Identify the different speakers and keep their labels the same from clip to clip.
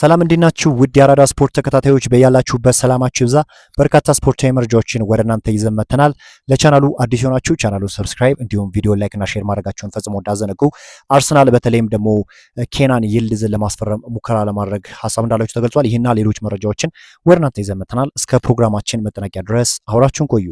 Speaker 1: ሰላም እንዲናችሁ ውድ የአራዳ ስፖርት ተከታታዮች በያላችሁበት ሰላማችሁ ይብዛ። በርካታ ስፖርታዊ መረጃዎችን ወደ እናንተ ይዘን መጥተናል። ለቻናሉ አዲስ የሆናችሁ ቻናሉ ሰብስክራይብ፣ እንዲሁም ቪዲዮ ላይክና ሼር ማድረጋችሁን ፈጽሞ እንዳዘነጉ። አርሰናል በተለይም ደግሞ ኬናን ይልድዝን ለማስፈረም ሙከራ ለማድረግ ሀሳብ እንዳላችሁ ተገልጿል። ይህና ሌሎች መረጃዎችን ወደ እናንተ ይዘን መጥተናል። እስከ ፕሮግራማችን መጠናቂያ ድረስ አብራችሁን ቆዩ።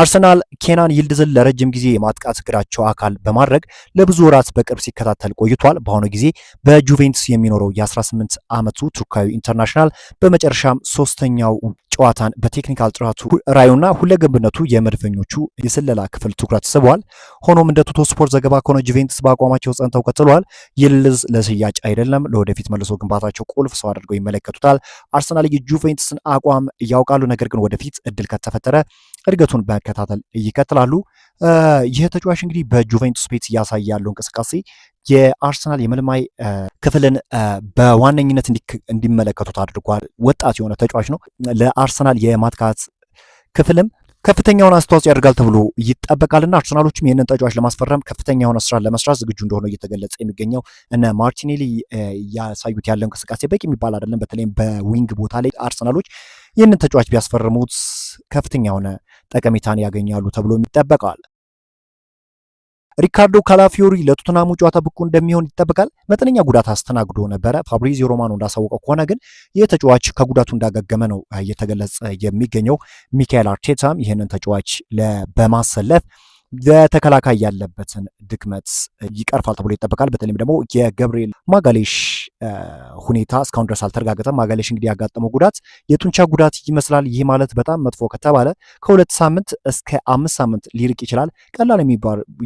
Speaker 1: አርሰናል ኬናን ይልድዝን ለረጅም ጊዜ የማጥቃት እግራቸው አካል በማድረግ ለብዙ ወራት በቅርብ ሲከታተል ቆይቷል። በአሁኑ ጊዜ በጁቬንቱስ የሚኖረው የ18 ዓመቱ ቱርካዊ ኢንተርናሽናል በመጨረሻም ሶስተኛው ጨዋታን በቴክኒካል ጥራቱ ራዩና ሁለገብነቱ የመድፈኞቹ የስለላ ክፍል ትኩረት ስቧል። ሆኖም እንደ ቱቶ ስፖርት ዘገባ ከሆነ ጁቬንቱስ በአቋማቸው ጸንተው ቀጥለዋል። ይልድዝ ለሽያጭ አይደለም፣ ለወደፊት መልሶ ግንባታቸው ቁልፍ ሰው አድርገው ይመለከቱታል። አርሰናል የጁቬንቱስን አቋም ያውቃሉ፣ ነገር ግን ወደፊት እድል ከተፈጠረ እድገቱን መከታተል ይቀጥላሉ። ይህ ተጫዋች እንግዲህ በጁቬንቱስ ቤት እያሳየ ያለው እንቅስቃሴ የአርሰናል የመልማይ ክፍልን በዋነኝነት እንዲመለከቱት አድርጓል። ወጣት የሆነ ተጫዋች ነው። ለአርሰናል የማጥቃት ክፍልም ከፍተኛውን አስተዋጽኦ ያደርጋል ተብሎ ይጠበቃልና አርሰናሎችም ይህንን ተጫዋች ለማስፈረም ከፍተኛ የሆነ ስራ ለመስራት ዝግጁ እንደሆነ እየተገለጸ የሚገኘው እነ ማርቲኔሊ እያሳዩት ያለው እንቅስቃሴ በቂ የሚባል አይደለም። በተለይም በዊንግ ቦታ ላይ አርሰናሎች ይህንን ተጫዋች ቢያስፈርሙት ከፍተኛ የሆነ ጠቀሜታን ያገኛሉ ተብሎም ይጠበቃል። ሪካርዶ ካላፊዮሪ ለቶትናሙ ጨዋታ ብቁ እንደሚሆን ይጠበቃል። መጠነኛ ጉዳት አስተናግዶ ነበረ። ፋብሪዚዮ ሮማኖ እንዳሳወቀው ከሆነ ግን ይህ ተጫዋች ከጉዳቱ እንዳገገመ ነው እየተገለጸ የሚገኘው። ሚካኤል አርቴታም ይህንን ተጫዋች በማሰለፍ የተከላካይ ያለበትን ድክመት ይቀርፋል ተብሎ ይጠበቃል። በተለይም ደግሞ የገብርኤል ማጋሌሽ ሁኔታ እስካሁን ድረስ አልተረጋገጠም። ማጋሌሽ እንግዲህ ያጋጠመው ጉዳት የጡንቻ ጉዳት ይመስላል። ይህ ማለት በጣም መጥፎ ከተባለ ከሁለት ሳምንት እስከ አምስት ሳምንት ሊርቅ ይችላል። ቀላል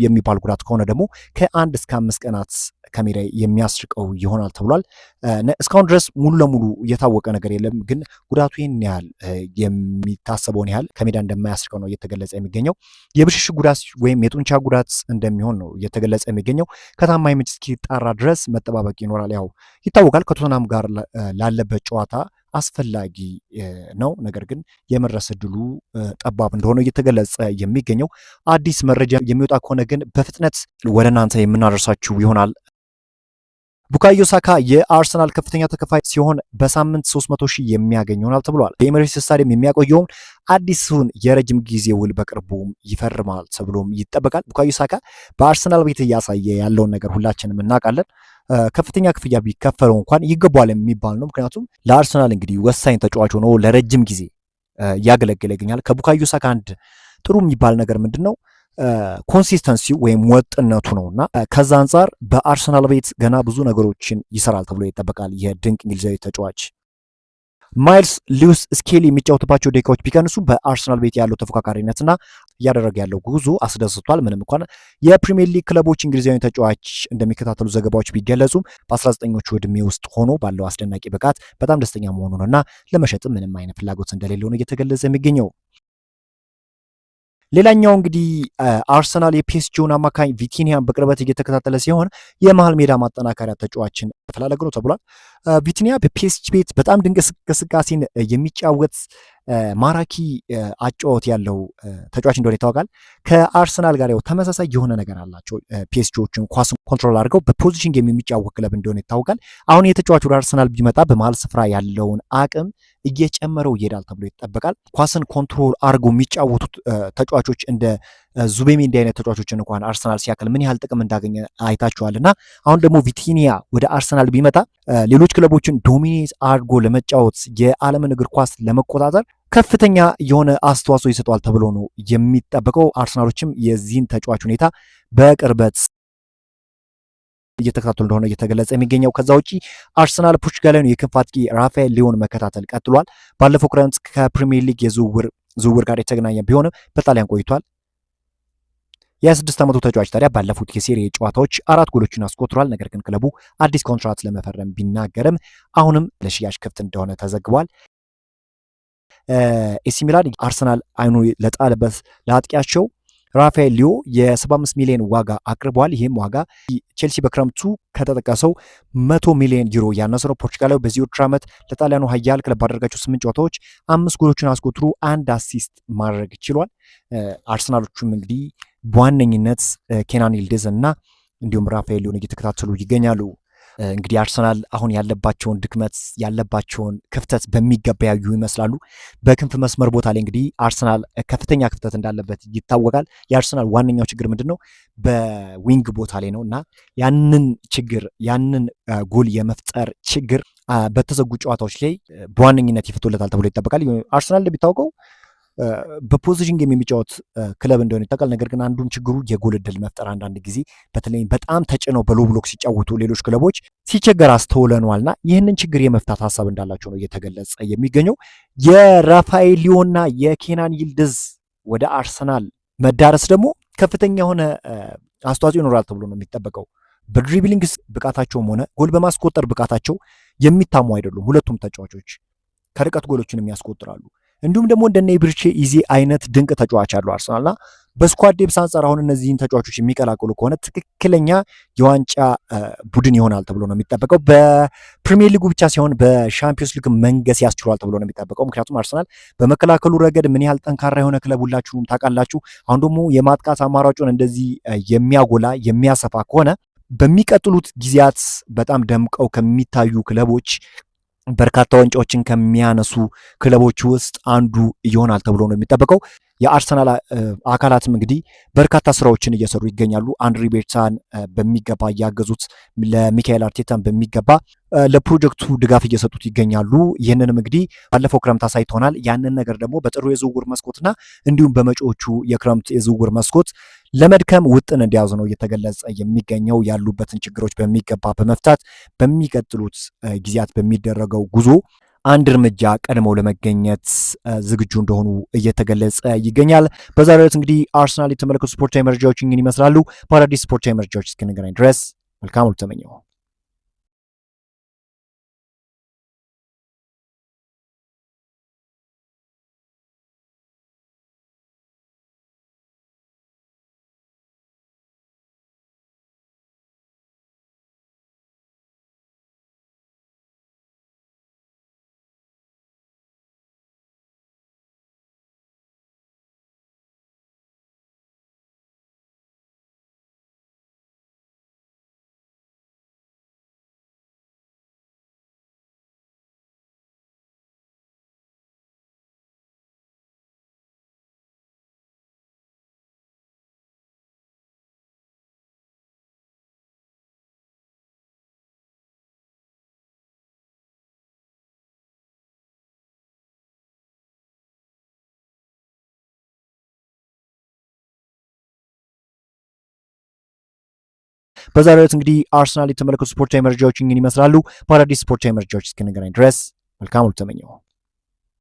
Speaker 1: የሚባል ጉዳት ከሆነ ደግሞ ከአንድ እስከ አምስት ቀናት ከሜዳ የሚያስርቀው ይሆናል ተብሏል። እስካሁን ድረስ ሙሉ ለሙሉ የታወቀ ነገር የለም፣ ግን ጉዳቱ ይህን ያህል የሚታሰበውን ያህል ከሜዳ እንደማያስርቀው ነው እየተገለጸ የሚገኘው። የብሽሽ ጉዳት ወይም የጡንቻ ጉዳት እንደሚሆን ነው እየተገለጸ የሚገኘው። ከታማኝ ምንጭ እስኪጣራ ድረስ መጠባበቅ ይኖራል። ያው ይታወቃል ከቶተናም ጋር ላለበት ጨዋታ አስፈላጊ ነው። ነገር ግን የመድረስ እድሉ ጠባብ እንደሆነ እየተገለጸ የሚገኘው አዲስ መረጃ የሚወጣ ከሆነ ግን በፍጥነት ወደ እናንተ የምናደርሳችሁ ይሆናል። ቡካዮ ሳካ የአርሰናል ከፍተኛ ተከፋይ ሲሆን በሳምንት 300 ሺህ የሚያገኝ ይሆናል ተብሏል። በኤምሬትስ ስታዲየም የሚያቆየውም አዲሱን የረጅም ጊዜ ውል በቅርቡም ይፈርማል ተብሎም ይጠበቃል። ቡካዮ ሳካ በአርሰናል ቤት እያሳየ ያለውን ነገር ሁላችንም እናውቃለን። ከፍተኛ ክፍያ ቢከፈለው እንኳን ይገባዋል የሚባል ነው። ምክንያቱም ለአርሰናል እንግዲህ ወሳኝ ተጫዋች ሆኖ ለረጅም ጊዜ እያገለገለ ይገኛል። ከቡካዮ ሳካ አንድ ጥሩ የሚባል ነገር ምንድን ነው? ኮንሲስተንሲው ወይም ወጥነቱ ነውና ከዛ አንጻር በአርሰናል ቤት ገና ብዙ ነገሮችን ይሰራል ተብሎ ይጠበቃል። ይህ ድንቅ እንግሊዛዊ ተጫዋች ማይልስ ሊውስ ስኬሊ የሚጫወትባቸው ደቂቃዎች ቢቀንሱ በአርሰናል ቤት ያለው ተፎካካሪነትና እያደረገ ያለው ጉዞ አስደስቷል። ምንም እንኳን የፕሪሚየር ሊግ ክለቦች እንግሊዛዊ ተጫዋች እንደሚከታተሉ ዘገባዎች ቢገለጹም በ19ኞቹ ዕድሜ ውስጥ ሆኖ ባለው አስደናቂ ብቃት በጣም ደስተኛ እና ለመሸጥም ምንም አይነት ፍላጎት እንደሌለው ነው እየተገለጸ የሚገኘው። ሌላኛው እንግዲህ አርሰናል የፔስጂውን አማካኝ ቪቲኒያን በቅርበት እየተከታተለ ሲሆን የመሀል ሜዳ ማጠናከሪያ ተጫዋችን ተፈላለገ ነው ተብሏል። ቪቲኒያ በፔስች ቤት በጣም ድንቅ እንቅስቃሴን የሚጫወት ማራኪ አጫወት ያለው ተጫዋች እንደሆነ ይታወቃል። ከአርሰናል ጋር ያው ተመሳሳይ የሆነ ነገር አላቸው። ፒኤስጂዎችን ኳስ ኮንትሮል አድርገው በፖዚሽን የሚጫወት ክለብ እንደሆነ ይታወቃል። አሁን የተጫዋች ወደ አርሰናል ቢመጣ በመሀል ስፍራ ያለውን አቅም እየጨመረው ይሄዳል ተብሎ ይጠበቃል። ኳስን ኮንትሮል አድርገው የሚጫወቱት ተጫዋቾች እንደ ዙቤሜንዲ አይነት ተጫዋቾችን እንኳን አርሰናል ሲያክል ምን ያህል ጥቅም እንዳገኘ አይታችኋል። እና አሁን ደግሞ ቪቲኒያ ወደ አርሰናል ቢመጣ ሌሎች ክለቦችን ዶሚኔት አድርጎ ለመጫወት የዓለምን እግር ኳስ ለመቆጣጠር ከፍተኛ የሆነ አስተዋጽኦ ይሰጠዋል ተብሎ ነው የሚጠበቀው። አርሰናሎችም የዚህን ተጫዋች ሁኔታ በቅርበት እየተከታተሉ እንደሆነ እየተገለጸ የሚገኘው። ከዛ ውጪ አርሰናል ፖርቹጋላዊን የክንፍ አጥቂ ራፋኤል ሊዮን መከታተል ቀጥሏል። ባለፈው ክረምት ከፕሪሚየር ሊግ የዝውውር ዝውውር ጋር የተገናኘ ቢሆንም በጣሊያን ቆይቷል። የ26 ዓመቱ ተጫዋች ታዲያ ባለፉት የሴሪ ጨዋታዎች አራት ጎሎችን አስቆጥሯል። ነገር ግን ክለቡ አዲስ ኮንትራት ለመፈረም ቢናገርም አሁንም ለሽያጭ ክፍት እንደሆነ ተዘግቧል። ኤሲ ሚላን አርሰናል አይኑ ለጣለበት ለአጥቂያቸው ራፋኤል ሊዮ የ75 ሚሊዮን ዋጋ አቅርበዋል። ይህም ዋጋ ቼልሲ በክረምቱ ከተጠቀሰው 100 ሚሊዮን ዩሮ ያነሰ ነው። ፖርቹጋላዊ በዚህ ውድድር ዓመት ለጣሊያኑ ኃያል ክለብ ባደረጋቸው ስምንት ጨዋታዎች አምስት ጎሎችን አስቆጥሮ አንድ አሲስት ማድረግ ችሏል። አርሰናሎቹም እንግዲህ በዋነኝነት ኬናን ይልዲዝ እና እንዲሁም ራፋኤል ሊዮን እየተከታተሉ ይገኛሉ። እንግዲህ አርሰናል አሁን ያለባቸውን ድክመት ያለባቸውን ክፍተት በሚገባ ያዩ ይመስላሉ። በክንፍ መስመር ቦታ ላይ እንግዲህ አርሰናል ከፍተኛ ክፍተት እንዳለበት ይታወቃል። የአርሰናል ዋነኛው ችግር ምንድን ነው? በዊንግ ቦታ ላይ ነው እና ያንን ችግር ያንን ጎል የመፍጠር ችግር በተዘጉ ጨዋታዎች ላይ በዋነኝነት ይፈቶለታል ተብሎ ይጠበቃል። አርሰናል እንደሚታወቀው በፖዚሽን ጌም የሚጫወት ክለብ እንደሆነ ይታወቃል። ነገር ግን አንዱም ችግሩ የጎል እድል መፍጠር አንዳንድ ጊዜ በተለይም በጣም ተጭነው በሎ ብሎክ ሲጫወቱ ሌሎች ክለቦች ሲቸገር አስተውለነዋልና ይህንን ችግር የመፍታት ሀሳብ እንዳላቸው ነው እየተገለጸ የሚገኘው። የራፋኤል ሊዮና የኬናን ይልድዝ ወደ አርሰናል መዳረስ ደግሞ ከፍተኛ የሆነ አስተዋጽኦ ይኖራል ተብሎ ነው የሚጠበቀው። በድሪብሊንግስ ብቃታቸውም ሆነ ጎል በማስቆጠር ብቃታቸው የሚታሙ አይደሉም። ሁለቱም ተጫዋቾች ከርቀት ጎሎችን የሚያስቆጥራሉ። እንዲሁም ደግሞ እንደነ ብርቼ ኢዜ አይነት ድንቅ ተጫዋች አለው አርሰናልና በስኳድ ዴፕስ አንጻር አሁን እነዚህን ተጫዋቾች የሚቀላቅሉ ከሆነ ትክክለኛ የዋንጫ ቡድን ይሆናል ተብሎ ነው የሚጠበቀው። በፕሪሚየር ሊጉ ብቻ ሳይሆን በሻምፒዮንስ ሊግ መንገስ ያስችሏል ተብሎ ነው የሚጠበቀው። ምክንያቱም አርሰናል በመከላከሉ ረገድ ምን ያህል ጠንካራ የሆነ ክለብ ሁላችሁም ታውቃላችሁ። አሁን ደግሞ የማጥቃት አማራጩን እንደዚህ የሚያጎላ የሚያሰፋ ከሆነ በሚቀጥሉት ጊዜያት በጣም ደምቀው ከሚታዩ ክለቦች በርካታ ዋንጫዎችን ከሚያነሱ ክለቦች ውስጥ አንዱ ይሆናል ተብሎ ነው የሚጠበቀው። የአርሰናል አካላትም እንግዲህ በርካታ ስራዎችን እየሰሩ ይገኛሉ። አንድሪ ቤርታን በሚገባ እያገዙት፣ ለሚካኤል አርቴታን በሚገባ ለፕሮጀክቱ ድጋፍ እየሰጡት ይገኛሉ። ይህንንም እንግዲህ ባለፈው ክረምት አሳይቶናል። ያንን ነገር ደግሞ በጥሩ የዝውውር መስኮትና እንዲሁም በመጪዎቹ የክረምት የዝውውር መስኮት ለመድከም ውጥን እንዲያዙ ነው እየተገለጸ የሚገኘው። ያሉበትን ችግሮች በሚገባ በመፍታት በሚቀጥሉት ጊዜያት በሚደረገው ጉዞ አንድ እርምጃ ቀድመው ለመገኘት ዝግጁ እንደሆኑ እየተገለጸ ይገኛል። በዛሬው ዕለት እንግዲህ አርሰናል የተመለከቱ ስፖርታዊ መረጃዎች ይህን ይመስላሉ። በአዳዲስ ስፖርታዊ መረጃዎች እስክንገናኝ ድረስ መልካም ሁሉ ተመኘው። በዛሬው ዕለት እንግዲህ አርሰናል የተመለከቱ ስፖርታዊ መረጃዎች ይህን ይመስላሉ። በአዳዲስ ስፖርታዊ መረጃዎች እስክንገናኝ ድረስ መልካም ሁሉ ተመኘው።